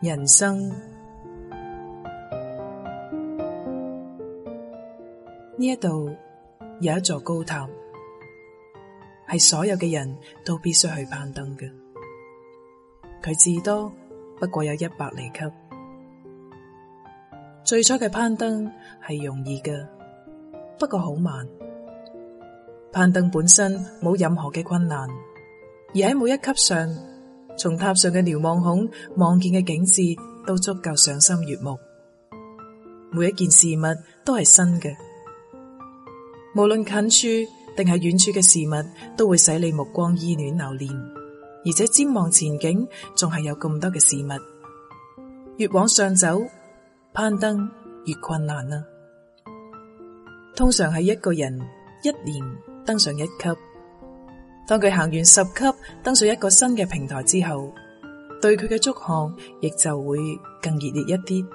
人生呢一度有一座高塔，係所有嘅人都必須去攀登嘅。佢至多不過有一百嚟級。最初嘅攀登係容易嘅，不過好慢。攀登本身冇任何嘅困難，而喺每一級上。從塔上嘅瞭望孔望見嘅景致都足夠賞心悅目，每一件事物都係新嘅，無論近處定係遠處嘅事物，都會使你目光意亂流連，而且瞻望前景仲係有咁多嘅事物，越往上走攀登越困難啊，通常係一個人一年登上一級。當佢行完十級，登上一個新嘅平台之後，對佢嘅祝賀亦就會更熱烈一啲。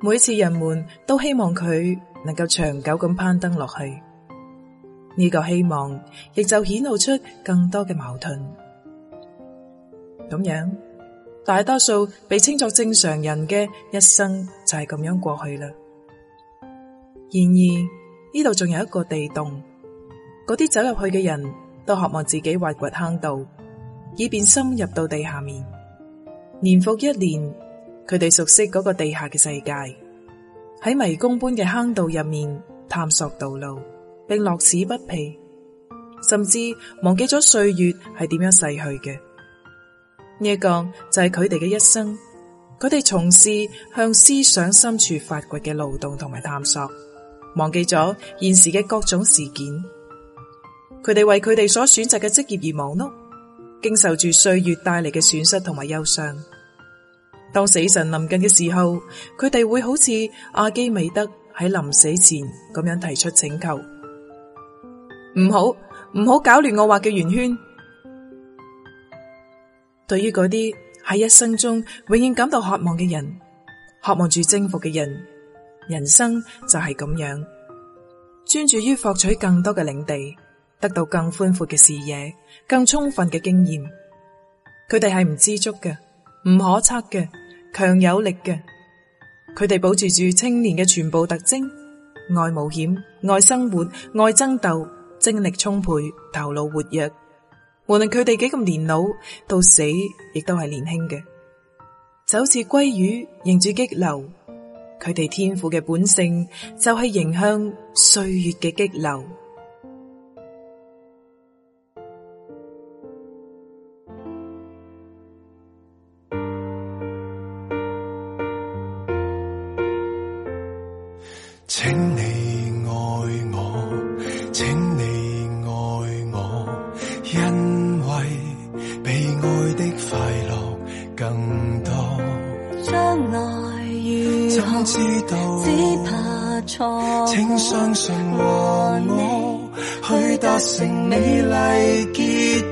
每次人們都希望佢能夠長久咁攀登落去，呢個希望亦就顯露出更多嘅矛盾。咁樣，大多數被稱作正常人嘅一生就係咁樣過去啦。然而呢度仲有一個地洞，嗰啲走入去嘅人。都渴望自己挖掘坑道，以便深入到地下面。年復一年，佢哋熟悉嗰個地下嘅世界，喺迷宮般嘅坑道入面探索道路，並樂此不疲，甚至忘記咗歲月係點樣逝去嘅。呢個就係佢哋嘅一生。佢哋從事向思想深處發掘嘅勞動同埋探索，忘記咗現時嘅各種事件。佢哋為佢哋所選擇嘅職業而忙碌，經受住歲月帶嚟嘅損失同埋憂傷。當死神臨近嘅時候，佢哋會好似阿基米德喺臨死前咁樣提出請求：唔好，唔好搞亂我畫嘅圓圈。對於嗰啲喺一生中永遠感到渴望嘅人，渴望住征服嘅人，人生就係咁樣，專注於獲取更多嘅領地。得到更寬闊嘅視野，更充分嘅經驗。佢哋係唔知足嘅，唔可測嘅，強有力嘅。佢哋保持住青年嘅全部特徵：愛冒險、愛生活、愛爭鬥，精力充沛，頭腦活躍。無論佢哋幾咁年老，到死亦都係年輕嘅。就好似鮭魚迎住激流，佢哋天賦嘅本性就係、是、迎向歲月嘅激流。請你愛我，請你愛我，因為被愛的快樂更多。將來如何？怎知道？只怕錯，請相信和我，和你去達成美麗結。